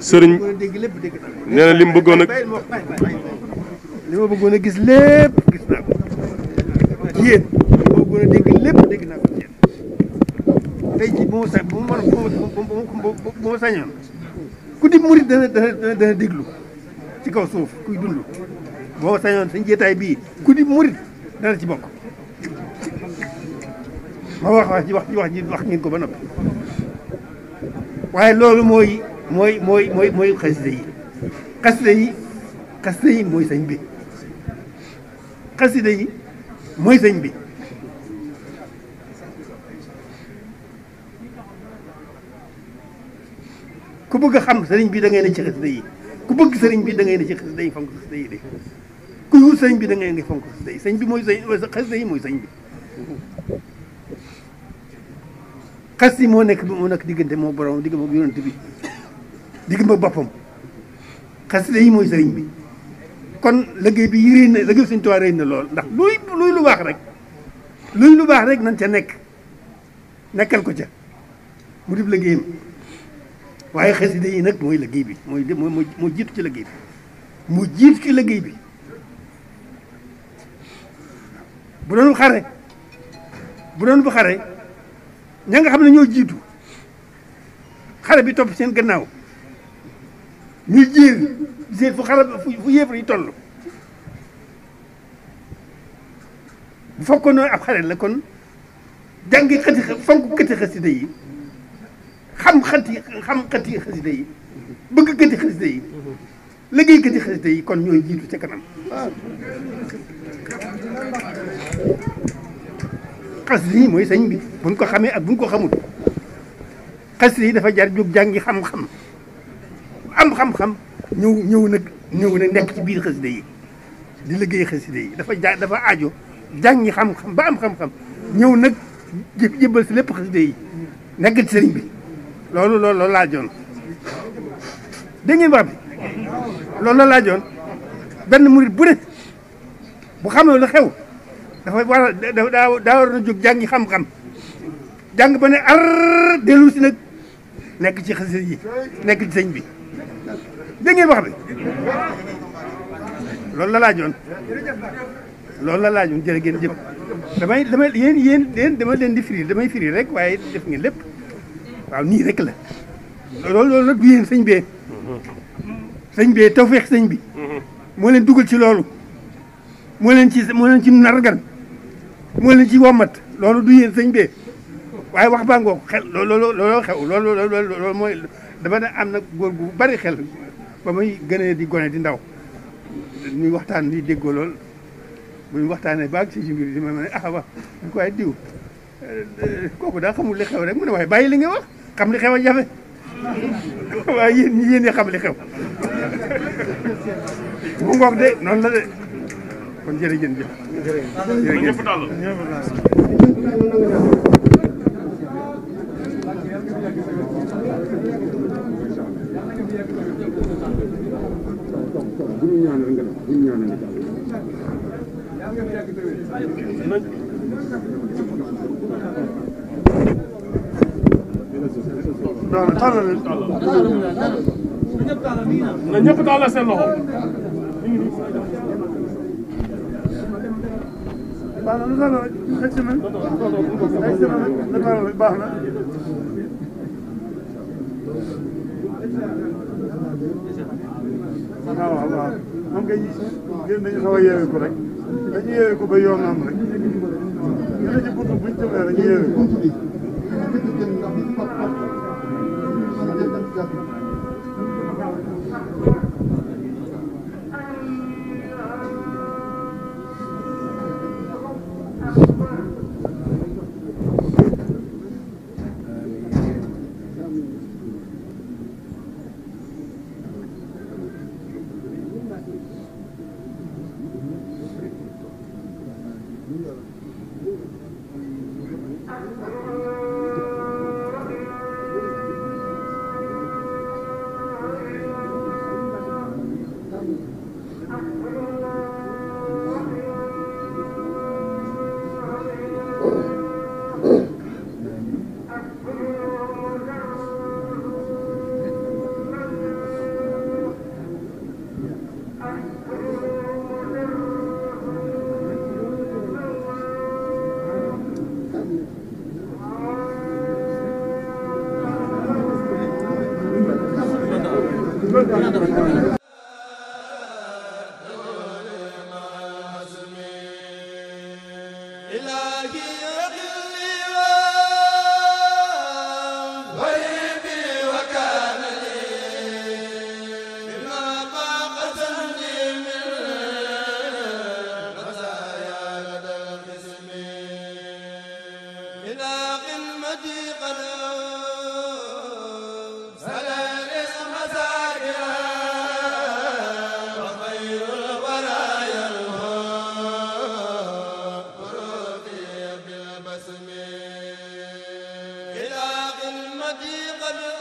sëriñ nee na li mu bëggoon a li ma bëggoon a gis lépp gis naa ko ci yéen li ma bëggoon a dégg lépp dégg naa ko ci yéen tey jii bu ma ku di murit dana dana dana déglu ci kaw suuf kuy dund boo sañoon sañ jéetaay bii ku di murit dana ci bokk ma wax wax ji wax ji wax ngeen ko ba noppi waaye loolu mooy mooy mooy mooy mooy xasida yi xasida yi xasida yi mooy sañ bi xasida yi mooy sëñ bi ku bëgg a xam sëriñ bi da ngay ne ci xasida yi ku bëgg sëriñ bi da ngay ne ci xasida yi fonk xasida yi de ku wut sëriñ bi da ngay ne fonk xasida sëñ bi mooy sëñ xasida mooy sëñ bi xas yi moo nekk moo nekk diggante moo borom digg moom bi diggam ak boppam xasida yi mooy sëriñ bi kon liggéey bi réy na liggéey Sëriñ Tuubaa réy na lool ndax luy lu baax rek luy lu baax rek nañ ca nekk nekkal ko ca mu dib liggéeyam waaye xasida yi nag mooy liggéey bi mooy moo moo jiitu ci liggéey bi mu jiitu ci liggéey bi bu doon xare bu doon bu xare ña nga xam ne ñoo jiitu xare bi topp seen gannaaw نجيل زين فخرة فيفري تل فكونوا أخر لكن دعني كتير فنك كتير خزدي خم كتير خم كتير خزدي بق كتير خزدي لقي كتير خزدي كون يو يجيل تكلم قصدي مو يسنجي بنكو خم بنكو خمود قصدي دفع جرجوك دعني خم خم am xam-xam ñëw ñëw nag ñëw nag nekk ci biir xas yi di liggéey xasida yi dafa ja dafa aajo jàngi xam-xam ba am xam-xam ñëw nag jëbbal si lépp xasida yi nekk ci sëriñ bi loolu loolu loolu laa joon dégg ngeen wax bi loolu loolu laa joon benn bu ne bu xamee lu xew dafa war a daa daa war jóg jàngi xam-xam jàng ba ne ar dellu si nag nekk ci xasida yi nekk ci sëñ bi dégg ngeen wax bi loolu la laajoon loolu la laajoon jërë ngeen jëf damay damay yéen dama leen di firi damay firi rek waaye def ngeen lépp waaw nii rek la loolu loolu nag du bee sëñ bee tawfeex sëñ bi moo leen ci loolu moo leen ci moo leen ci nargan moo ci wommat loolu du yéen sëñ bee waaye wax baa ngoog loolu loolu mooy dama ne am nag góor gu bari xel ba muy gënee di gone di ndaw ñuy waxtaan li déggoo lool bu waxtaanee baag si si mbir di ma ne ah wax ñu ko waaye diw kooku daa xamul li xew rek mu ne waaye bàyyi li nga wax xam li xew a jafe waaye yéen yéen ñi xam li xew bu ngoog de noonu la de kon jërëjëf jëf jërëjëf na ñëpp daal la seen loxo baax na lu daal la ay semaine ay semaine baax na waaw waaw waaw moom kay yéen dañu xaw a yeewee ko rek dañu yeewee ko ba yoon am rek ñu ne ci buntu buñ jëmee dañu yeewee إلهي يا هلاق المدي قد